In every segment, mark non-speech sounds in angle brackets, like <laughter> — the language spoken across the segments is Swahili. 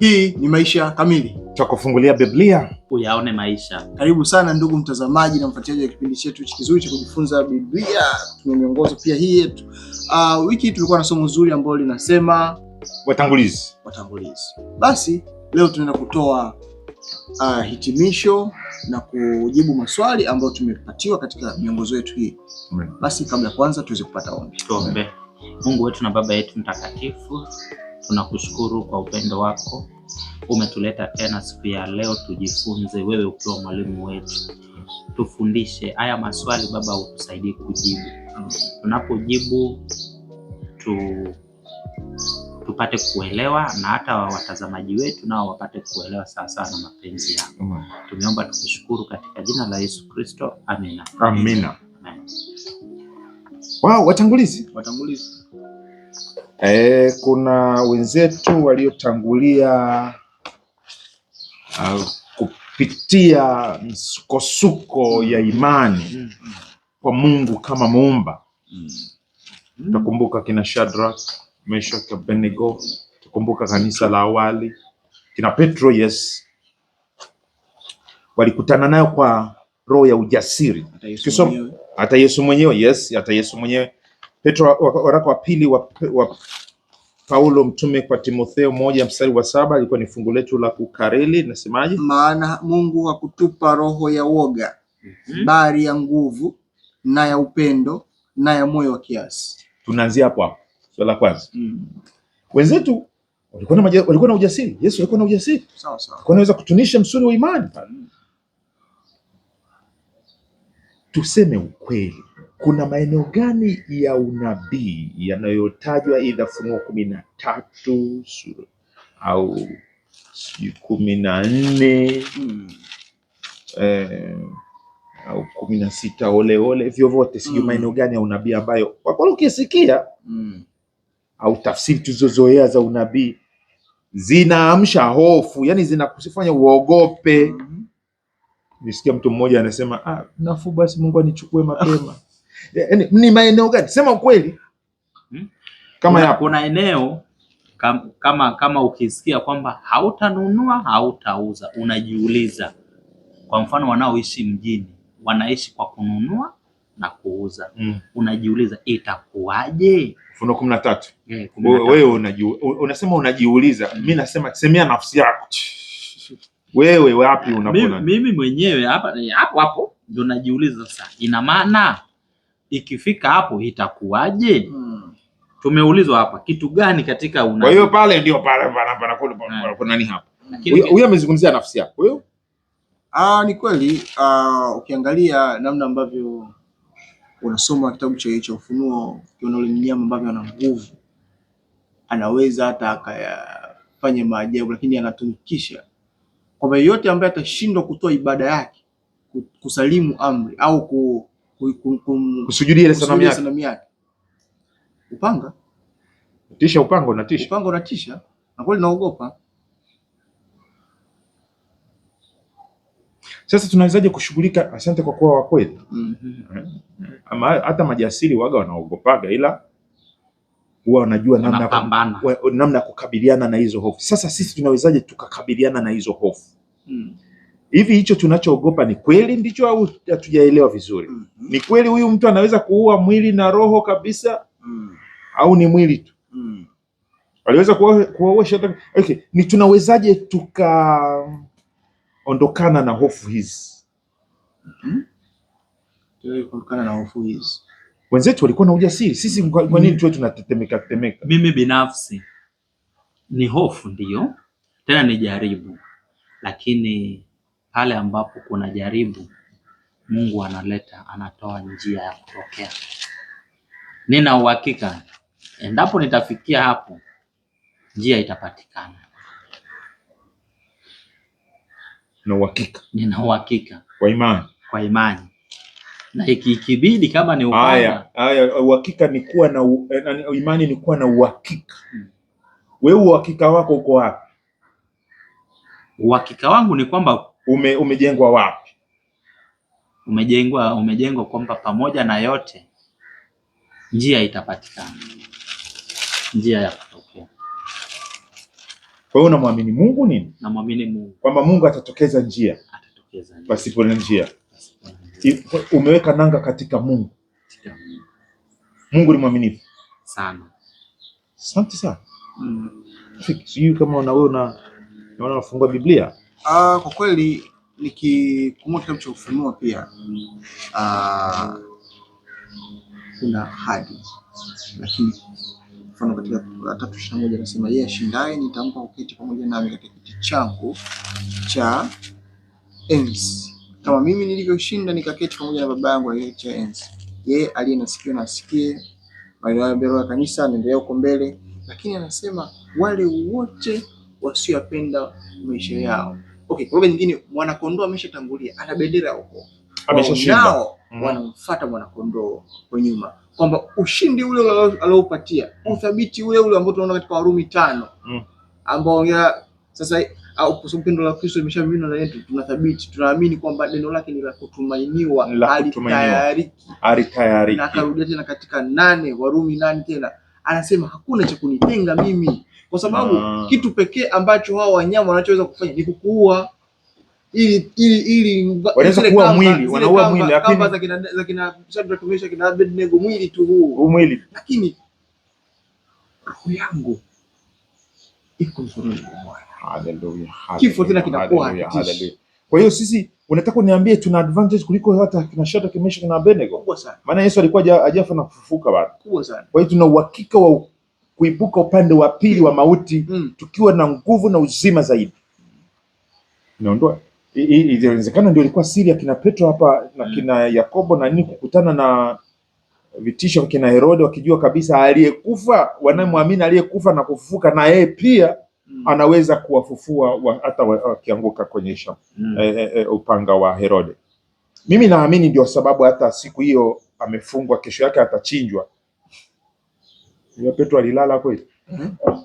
Hii ni Maisha Kamili, kufungulia Biblia uyaone maisha. Karibu sana ndugu mtazamaji na mfuatiliaji wa kipindi chetu hichi kizuri cha kujifunza Biblia. Tuna miongozo pia hii yetu. Uh, wiki tulikuwa na somo zuri ambalo linasema watangulizi, watangulizi. Basi leo tunaenda kutoa uh, hitimisho na kujibu maswali ambayo tumepatiwa katika miongozo yetu hii. Basi kabla ya kwanza tuweze kupata ombi. Tuombe. Mungu wetu na Baba yetu mtakatifu Tunakushukuru kwa upendo wako, umetuleta tena siku ya leo tujifunze, wewe ukiwa mwalimu wetu. Tufundishe haya maswali Baba, utusaidie kujibu. Tunapojibu tu tupate kuelewa na hata watazamaji wetu nao wapate kuelewa sawasawa na mapenzi yako. Tumeomba tukushukuru katika jina la Yesu Kristo, amina. Amina. Amina. Wow, watangulizi watangulizi E, kuna wenzetu waliotangulia uh, kupitia msukosuko ya imani kwa Mungu kama muumba. Tukumbuka kina Shadrach, Meshach, Abednego, tukumbuka kanisa la awali kina Petro, yes, walikutana nayo kwa roho ya ujasiri. Hata Yesu mwenyewe, yes, hata Yesu mwenyewe Petro, waraka wa pili wa, wa Paulo mtume kwa Timotheo moja mstari wa saba ilikuwa ni fungu letu la kukariri, nasemaje? Maana Mungu hakutupa roho ya woga mm -hmm. bali ya nguvu na ya upendo na ya moyo wa kiasi. Tunaanzia hapo hapo, swala la kwanza mm -hmm. wenzetu walikuwa na walikuwa na ujasiri. Yesu alikuwa na ujasiri sawa sawa, kwa anaweza kutunisha msuri wa imani. Mm. Tuseme ukweli kuna maeneo gani ya unabii yanayotajwa idha Funuo kumi na tatu au sijui kumi na nne hmm, eh, au kumi na sita oleole vyovyote sijui hmm. maeneo gani ya unabii ambayo kwa kweli ukisikia hmm. au tafsiri tulizozoea za unabii zinaamsha hofu, yani zinakufanya uogope. Nisikia mtu mmoja anasema ah, nafuu basi Mungu anichukue mapema <laughs> Eh, ni maeneo gani? Sema ukweli. Hmm? Kama kuna, Kuna eneo kama, kama kama ukisikia kwamba hautanunua hautauza, unajiuliza. Kwa mfano wanaoishi mjini wanaishi kwa kununua na kuuza mm. Unajiuliza itakuwaje? Ufunuo kumi na tatu. Eh, wewe unasema unajiuliza mm. Mi nasema semea nafsi yako wewe wapi unapona? Mimi mwenyewe hapa eh, hapo hapo najiuliza sasa, ina maana ikifika hapo itakuwaje? hmm. Tumeulizwa hapa kitu gani katika una. Kwa hiyo pale ndio pale ah. kuna nani hapa? Huyo amezungumzia nafsi yako huyo. Ah, ni kweli ah, ukiangalia namna ambavyo unasoma kitabu cha cha Ufunuo ukiona ule mnyama ambavyo ana nguvu anaweza hata akayafanya maajabu, lakini anatumikisha kwamba yeyote ambaye atashindwa kutoa ibada yake, kusalimu amri au ku kusujudia ile sanamu yake. Upanga tisha, upanga unatisha, upanga unatisha, na kweli naogopa. Sasa tunawezaje kushughulika? Asante kwa kuwa wakweli. mm -hmm. Ama hata majasiri waga wanaogopaga, ila huwa wanajua namna ya kukabiliana na hizo hofu. Sasa sisi tunawezaje tukakabiliana na hizo hofu? mm hivi hicho tunachoogopa ni kweli ndicho au hatujaelewa vizuri? mm -hmm. Ni kweli huyu mtu anaweza kuua mwili na roho kabisa? mm. au ni mwili tu? mm. aliweza shetani? Okay, ni tunawezaje tukaondokana na hofu hizi? mm -hmm. Wenzetu walikuwa na ujasiri, sisi kwa nini mm -hmm. tuwe tunatetemeka tetemeka? Mimi binafsi ni hofu, ndiyo tena ni jaribu, lakini pale ambapo kuna jaribu, Mungu analeta anatoa njia ya kutokea. Nina uhakika endapo nitafikia hapo, njia itapatikana. Na uhakika, nina uhakika kwa imani, kwa imani na ikibidi kama ni upanga. Haya, uhakika ni kuwa na u, eh, imani ni kuwa na uhakika. Wewe uhakika wako uko wapi? Uhakika wangu ni kwamba ume, umejengwa wapi? Umejengwa umejengwa kwamba pamoja na yote njia itapatikana, njia ya kutokea. Kwa hiyo unamwamini Mungu nini? Namwamini Mungu kwamba Mungu atatokeza njia, atatokeza njia. Pasipo na njia umeweka nanga katika Mungu. Mungu ni mwaminifu sana. Asante sana. Mm. Sijui kama na wewe unafungua Biblia Uh, kwa kweli nikikumua kitabu cha Ufunuo pia uh, kuna hadi lakini mfano katika tatu ishirini na moja anasema yeye ashindaye nitampa kuketi pamoja nami katika kiti changu cha enzi kama mimi nilivyoshinda nikaketi pamoja na baba yangu aliye cha enzi. Yeye aliye na sikio na asikie maneno ya mbele ya kanisa, anaendelea huko mbele, lakini anasema wale wote wasioyapenda maisha yao okay, kwa nyingine kondoo ameshatangulia, ana bendera huko Ameshashinda. nao mm. wanamfuata mwana kondoo kwa nyuma, kwamba ushindi ule alioupatia uthabiti ule ule ambao tunaona katika Warumi tano mm. ambao ongea sasa au kwa sababu pendo la Kristo limeshamimina ndani yetu, tunathabiti, tunaamini kwamba neno lake ni la kutumainiwa, alitayariki. Na akarudia tena katika nane Warumi nane tena anasema hakuna cha kunitenga mimi kwa sababu mm. kitu pekee ambacho hao wanyama wanachoweza kufanya ni kukuua ili ili ili wanaweza kuua mwili, wanaua mwili, lakini kamba za kina za kina Shadrach, Meshach na Abednego, mwili tu huu huu mwili, lakini roho yangu iko mkononi Haleluya, kifo tena kinakuwa hatishi. Kwa hiyo sisi unataka uniambie tuna advantage kuliko hata kina Shadrach, Meshach na Abednego? Maana Yesu alikuwa ajafa na kufufuka bado. kubwa sana Kwa hiyo tuna uhakika wa kuibuka upande wa pili wa mauti mm. tukiwa na nguvu na uzima zaidi. inawezekana ndio ilikuwa siri ya kina Petro hapa na mm. kina Yakobo na nini, kukutana na vitisho kina Herode, wakijua kabisa aliyekufa wanayemwamini aliyekufa na kufufuka na yeye pia mm. anaweza kuwafufua hata wa, wakianguka kwenye mm. e, e, upanga wa Herode. Mimi naamini ndio sababu hata siku hiyo amefungwa, kesho yake atachinjwa yule Petro alilala kweli? Eh? Hmm?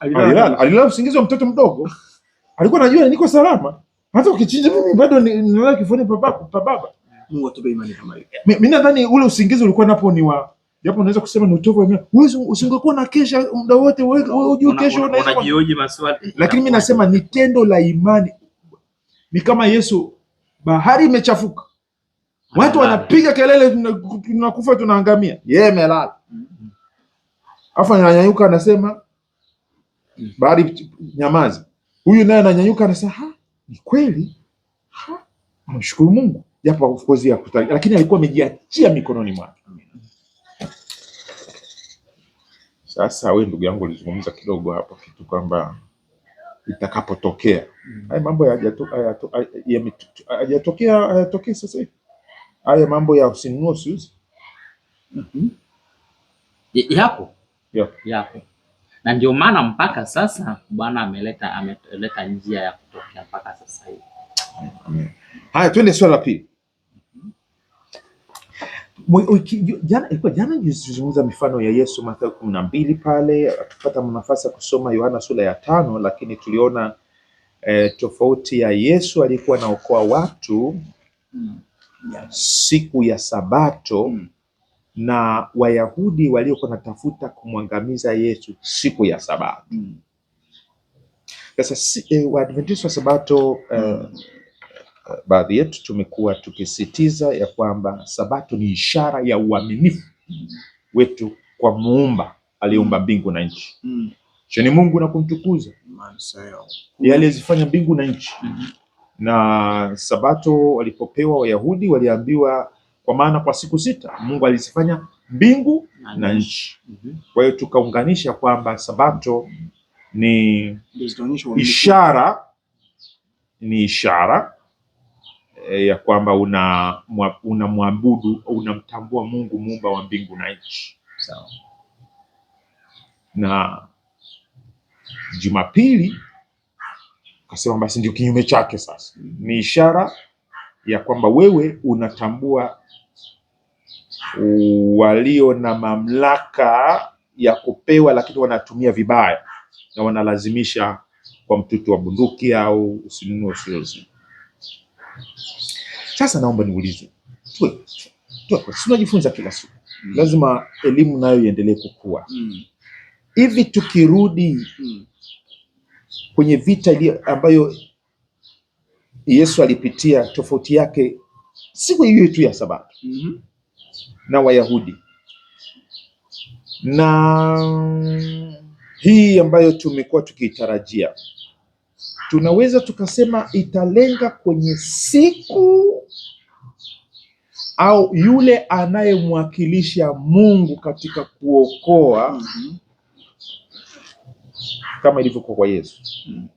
Alilala, alilala usingizi wa mtoto mdogo. Alikuwa anajua niko salama. Hata ukichinja mimi bado nilala kifuni pa baba, pa baba. Mungu atupe imani kama hiyo. Mimi nadhani ule usingizi ulikuwa napo ni wa japo unaweza kusema ni utovu wa imani. Wewe usingekuwa na kesha muda wote, wewe unajua kesho unaweza. Unajioje maswali. Lakini mimi nasema ni tendo la imani. Ni kama Yesu, bahari imechafuka. Watu wanapiga kelele, tunakufa tunaangamia. Yeye amelala. Mm-hmm. Afu ananyanyuka anasema mm. bali nyamazi. Huyu naye ananyanyuka anasema ha, ni kweli. Ha, mshukuru Mungu japo of course hakutaki, lakini alikuwa amejiachia mikononi mwake. Sasa wewe ndugu yangu ulizungumza kidogo hapo kitu kwamba itakapotokea mm. Haya mambo hayajatokea, hayatokee sasa hivi. Haya mambo ya usinunue usiuze yapo. Yo. yako na ndio maana mpaka sasa Bwana ameleta ameleta njia ya kutokea mpaka sasa hivi. Amen. Haya, twende swali la pili. Jana ilikuwa jana tulizungumza mifano ya Yesu Mathayo kumi na mbili pale atupata nafasi ya kusoma Yohana sura ya tano, lakini tuliona eh, tofauti ya Yesu alikuwa anaokoa watu hmm. siku ya Sabato hmm na Wayahudi waliokuwa natafuta kumwangamiza Yesu siku ya Sabato. Mm. Sasa si, eh, Waadventista wa Sabato eh, mm. eh baadhi yetu tumekuwa tukisitiza ya kwamba Sabato ni ishara ya uaminifu mm. wetu kwa Muumba aliyeumba mbingu na nchi. Mm. Cheni Mungu na kumtukuza yeye aliyezifanya mbingu na nchi. Mm -hmm. Na Sabato walipopewa Wayahudi waliambiwa kwa maana kwa siku sita Mungu alizifanya mbingu na nchi. Mhm. Kwa hiyo tukaunganisha kwamba sabato ni ishara, ni ishara eh, ya kwamba unamwabudu una unamtambua Mungu muumba wa mbingu na nchi. Sawa. Na Jumapili kasema basi ndio kinyume chake, sasa ni ishara ya kwamba wewe unatambua walio na mamlaka ya kupewa, lakini wanatumia vibaya na wanalazimisha kwa mtutu wa bunduki au usinunue usiozi. Sasa naomba niulize, tunajifunza kila siku mm. lazima elimu nayo iendelee kukua mm. hivi mm. tukirudi mm. kwenye vita ambayo Yesu alipitia tofauti yake siku hiyo tu ya Sabato mm -hmm. na Wayahudi na hii ambayo tumekuwa tukiitarajia tunaweza tukasema italenga kwenye siku au yule anayemwakilisha Mungu katika kuokoa mm -hmm. kama ilivyokuwa kwa Yesu mm -hmm.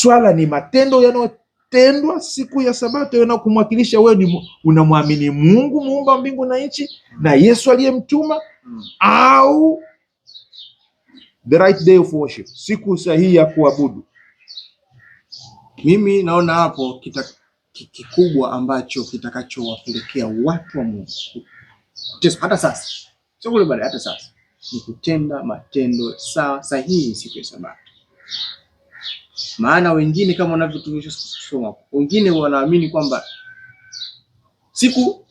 Swala ni matendo yanayotendwa siku ya Sabato yanayokumwakilisha wewe unamwamini Mungu muumba mbingu na nchi na Yesu aliyemtuma, au the right day of worship, siku sahihi ya kuabudu. Mimi naona hapo kita kikubwa ambacho kitakachowapelekea watu wa Mungu hata sasa, sio kule baadaye, hata sasa ni kutenda matendo sawa sahihi siku ya Sabato. Maana wengine kama wanavyosoma, wengine wanaamini kwamba siku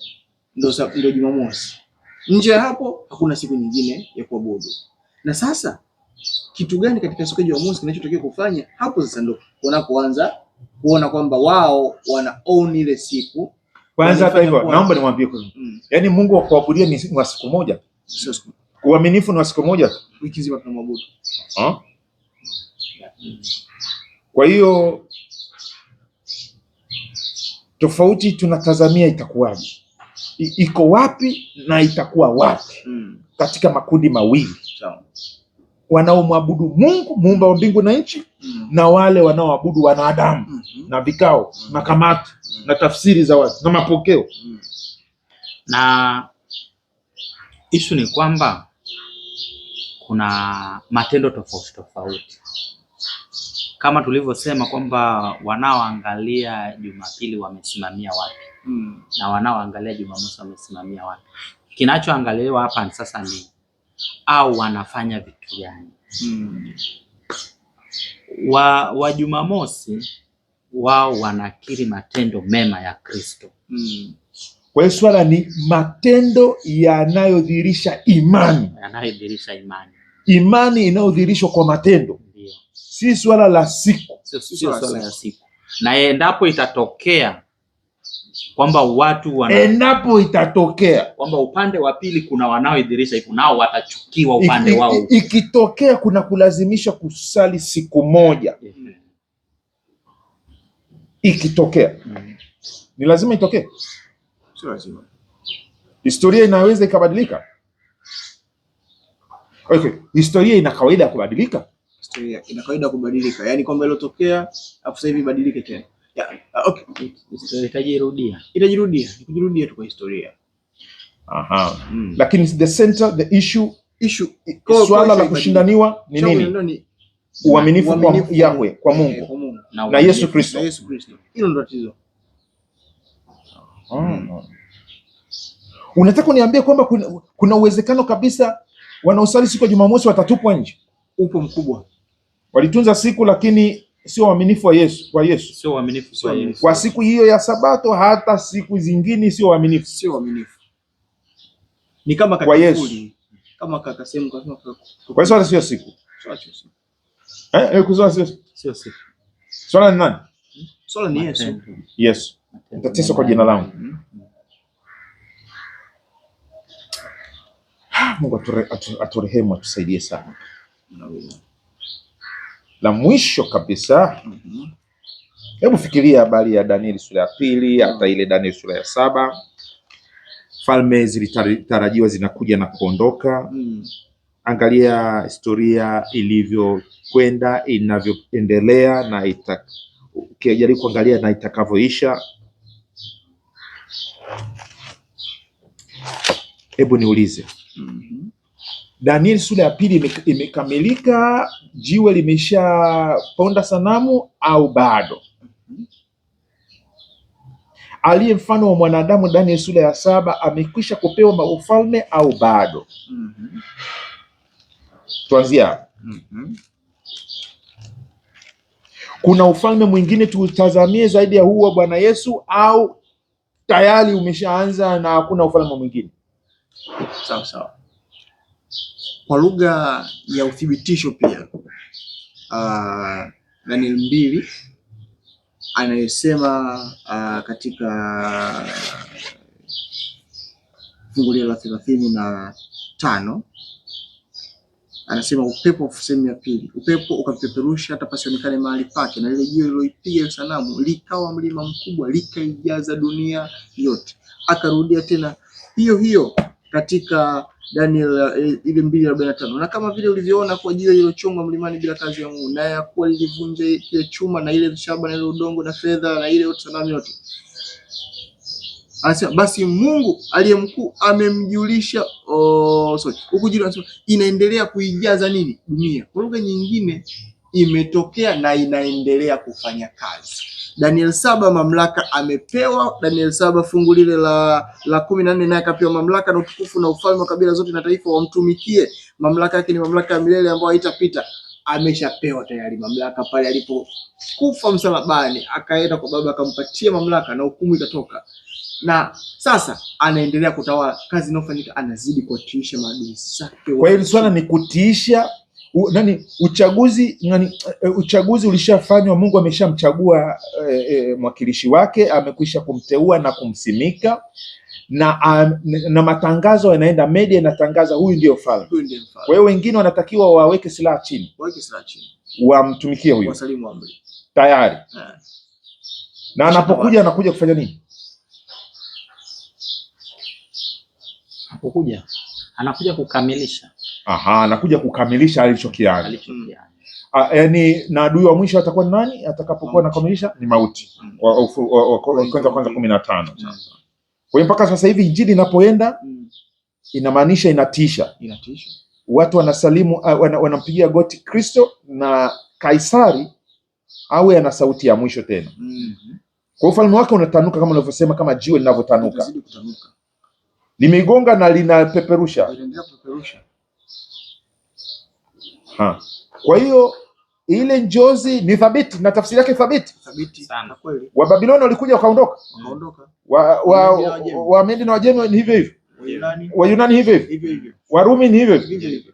ndio ndio Jumamosi, nje ya hapo hakuna siku nyingine ya kuabudu. Na sasa kitu gani katika siku ya Jumamosi kinachotakiwa kufanya? Hapo sasa ndio wanapoanza kuona kwamba wao wana own ile siku. Kwanza hata hivyo, naomba nimwambie kwa mm, yaani Mungu akuabudia ni wa siku moja, sio siku uaminifu ni wa siku moja, wiki nzima tunamwabudu. Ah, kwa hiyo tofauti tunatazamia itakuwaje, iko wapi na itakuwa wapi hmm. katika makundi mawili wanaomwabudu Mungu muumba wa mbingu na nchi hmm. na wale wanaoabudu wanadamu -hmm. na vikao -hmm. na kamati -hmm. na tafsiri za watu na mapokeo hmm. na isu ni kwamba kuna matendo tofauti tofauti kama tulivyosema kwamba wanaoangalia Jumapili wamesimamia wapi mm. na wanaoangalia Jumamosi wamesimamia wapi. Kinachoangaliwa hapa sasa ni au wanafanya vitu gani? mm. wa wa Jumamosi wao wanakiri matendo mema ya Kristo mm. Kwa hiyo swala ni matendo yanayodhihirisha imani, yanayodhihirisha imani, imani inayodhihirishwa kwa matendo si swala la siku, sio swala la siku. Na endapo itatokea kwamba watu wana... endapo itatokea kwamba upande wa pili kuna wanaoidhirisha hivyo, nao watachukiwa upande iki, wao. Ikitokea kuna kulazimisha kusali siku moja mm-hmm. Ikitokea mm-hmm. ni lazima itokee, sio lazima. Historia inaweza ikabadilika. Okay, historia ina kawaida ya kubadilika historia ina kawaida kubadilika, yani kwamba ilotokea afu sasa hivi ibadilike tena. Okay, Itajirudia. itajirudia, itajirudia, tu kwa historia. Aha, mm. Lakini the center the issue issue swala la kushindaniwa ni nini? Uaminifu kwa Yahwe, eh, kwa Mungu na Yesu Kristo. Yesu Kristo. Hilo ndio tatizo. Hmm. Unataka uniambie kwamba kuna uwezekano kabisa wanaosali siku ya Jumamosi watatupwa nje? Upo mkubwa Walitunza siku lakini sio waaminifu wa Yesu, kwa Yesu. Sio waaminifu, kwa Yesu. Kwa siku hiyo ya Sabato hata siku zingine sio waaminifu. Sio waaminifu. Ni kama kwa Yesu. Kama kaka sehemu kwa kama kwa swala sio siku. Swala sio siku. Eh, eh kwa swala sio sio siku. Swala ni nani? Swala ni Yesu. Yesu. Mtateswa kwa jina langu. Mm-hmm. Ah, Mungu aturehemu, atusaidie sana. Amen la mwisho kabisa. Hebu fikiria habari ya Danieli sura ya pili hata ile Danieli sura ya saba falme zilitarajiwa zinakuja na kuondoka. Mm. Angalia historia ilivyokwenda inavyoendelea, na ita ukijaribu kuangalia na itakavyoisha. Hebu niulize, mm -hmm. Danieli sura ya pili imekamilika, jiwe limeshaponda sanamu au bado? Aliye mfano wa mwanadamu, Danieli sura ya saba, amekwisha kupewa ufalme au bado? Tuanzia mm -hmm. Kuna ufalme mwingine tutazamie zaidi ya huu wa Bwana Yesu au tayari umeshaanza na hakuna ufalme mwingine? Sawa sawa kwa lugha ya uthibitisho pia uh, Daniel mbili anayesema uh, katika fungulio la thelathini na tano anasema upepo sehemu ya pili, upepo ukapeperusha hata pasionekane mahali pake, na lile jiwe liloipiga hiyo sanamu likawa mlima mkubwa, likaijaza dunia yote. Akarudia tena hiyo hiyo katika Daniel eh, ile mbili arobaini na tano na kama vile ulivyoona kwa ajili chuma mlimani bila kazi ya Mungu, na yakuwa lilivunja ile chuma na ile shaba na ile udongo na fedha na ile yote sanamu yote. Anasema basi Mungu aliye mkuu amemjulisha, oh, sorry, huku juu inaendelea kuijaza nini dunia. Kwa lugha nyingine imetokea na inaendelea kufanya kazi. Daniel saba mamlaka amepewa Daniel saba fungu lile la la kumi na nne naye akapewa mamlaka na utukufu na ufalme wa kabila zote na taifa wamtumikie. Mamlaka yake ni mamlaka ya milele ambayo haitapita. Ameshapewa tayari mamlaka pale alipokufa msalabani, akaenda kwa Baba akampatia mamlaka na hukumu ikatoka, na sasa anaendelea kutawala. Kazi inayofanyika anazidi kuwatiisha maadui zake. Kwa hiyo swala ni kutiisha u, nani uchaguzi nani, e, uchaguzi ulishafanywa. Mungu ameshamchagua e, e, mwakilishi wake amekwisha kumteua na kumsimika na, um, na matangazo yanaenda media inatangaza huyu ndiyo mfalme. Kwa hiyo wengine wanatakiwa waweke silaha chini, wamtumikie huyu tayari ha. Eh. Na anapokuja anakuja kufanya nini? Anapokuja anakuja kukamilisha Aha, anakuja kukamilisha alichokiani alichokiani. Ah, yani na adui wa mwisho atakuwa nani atakapokuwa anakamilisha? Ni mauti. Mm. Kwanza kwanza mm. kumi na tano. Mm. Kwa hiyo mpaka sasa hivi injili inapoenda inamaanisha inatisha, inatisha. Watu wanasalimu ah, wanampigia goti Kristo na Kaisari awe ana sauti ya mwisho tena. mm -hmm. Kwa ufalme wake unatanuka kama unavyosema, kama jiwe linavyotanuka, limegonga na linapeperusha. Ha. Kwa hiyo ile njozi ni thabiti na tafsiri yake thabiti. Thabiti sana kweli. Wa Babiloni walikuja wakaondoka. Wa wa wa Medi na Wajemi ni hivyo hivyo. Wa Yunani hivyo hivyo. Warumi ni hivyo hivyo.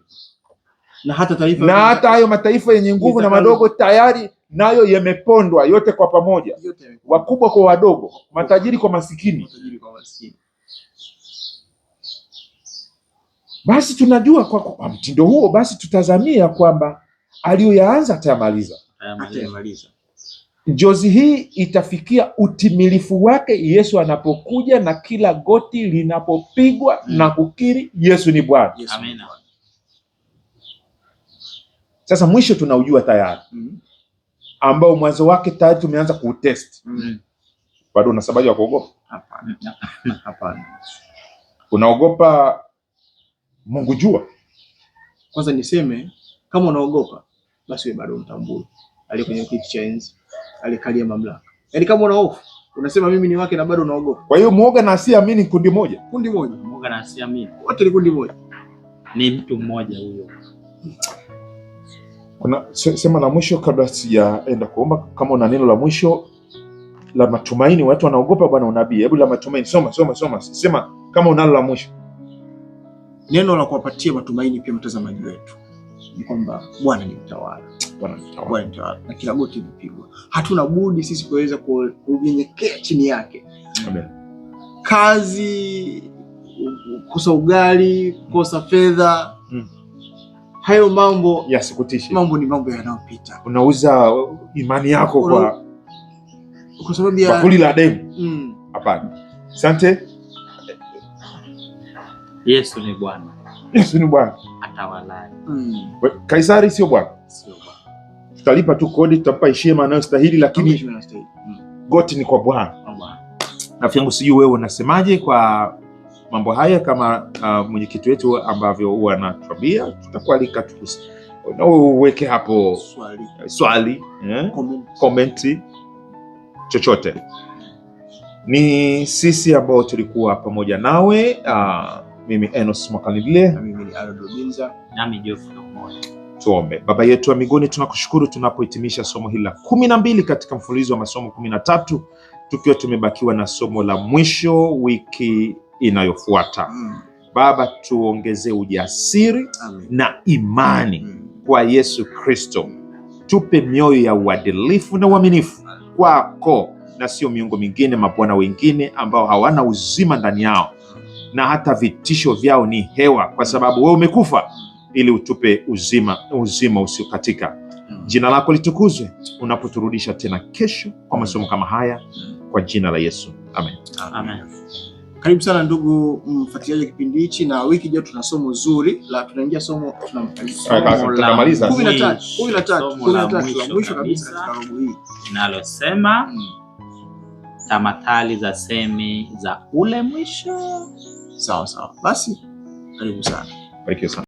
Na hata taifa na hata hayo mataifa yenye nguvu na madogo tayari nayo yamepondwa yote kwa pamoja. Wakubwa kwa wadogo, matajiri kwa masikini. Matajiri kwa masikini. Basi tunajua kwa, kwa mtindo huo basi tutazamia kwamba aliyoyaanza atayamaliza. Njozi hii itafikia utimilifu wake Yesu anapokuja na kila goti linapopigwa mm. na kukiri Yesu ni Bwana. Amina. Sasa mwisho tunaujua tayari mm. ambao mwanzo wake tayari tumeanza kuutest mm. mm. Bado una sababu ya kuogopa? Hapana. <laughs> Hapana. Unaogopa Mungu jua. Kwanza niseme kama unaogopa basi wewe bado mtambue aliye kwenye kiti cha enzi, alikalia mamlaka. Yaani kama una hofu unasema mimi ni wake na bado unaogopa. Kwa hiyo muoga na asiamini kundi moja, kundi moja. Muoga na asiamini wote ni kundi moja, ni mtu mmoja huyo. Kuna sema la mwisho kabla sijaenda kuomba, kama una neno la mwisho la matumaini, watu wanaogopa bwana unabii. Hebu la matumaini, soma soma soma, sema kama unalo la mwisho neno la kuwapatia matumaini pia mtazamaji wetu ni kwamba Bwana ni mtawala, Bwana ni mtawala na kila goti lipigwa. Hatuna budi sisi kuweza kunyenyekea chini yake. Amen. Kazi, kosa ugali, kosa fedha hmm. hayo mambo yasikutishe. Mambo ni mambo yanayopita. Unauza imani yako kwa kwa sababu ya bakuli la demu. Hmm. Hapana. Mm. Asante. Yesu ni Bwana. Yesu ni Bwana. Atawalaye. Mm. Kaisari sio Bwana. Sio Bwana. Tutalipa tu kodi, tutampa heshima anayostahili, lakini mm. goti ni kwa Bwana. Rafiki yangu, sijui wewe unasemaje kwa mambo haya, kama uh, mwenyekiti wetu ambavyo huwa anatuambia, tutakualika na uweke hapo swali, swali eh, komenti chochote. Ni sisi ambao tulikuwa pamoja nawe uh, mimi Enos Mwakalindile, na mimi ni Harold Rubinza, nami Geoffrey Omoyo. Tuombe. Baba yetu wa mbinguni, tunakushukuru tunapohitimisha somo hili la kumi na mbili katika mfululizo wa masomo kumi na tatu tukiwa tumebakiwa na somo la mwisho wiki inayofuata mm. Baba, tuongezee ujasiri Amen. na imani mm. kwa Yesu Kristo, tupe mioyo ya uadilifu na uaminifu kwako na sio miungu mingine, mabwana wengine ambao hawana uzima ndani yao na hata vitisho vyao ni hewa, kwa sababu wewe umekufa ili utupe uzima, uzima usiokatika. Mm. Jina lako litukuzwe unapoturudisha tena kesho kwa masomo kama haya, mm. kwa jina la Yesu amen, amen. Karibu sana ndugu mfuatiliaji kipindi hichi, na wiki ijayo tuna somo zuri la tunaingia somo ah, tunamaliza kumi na tatu mwisho kabisa katika robo hii linalosema, mm. tamathali za semi za ule mwisho. sawa sawa, basi karibu sana. Thank you, sir.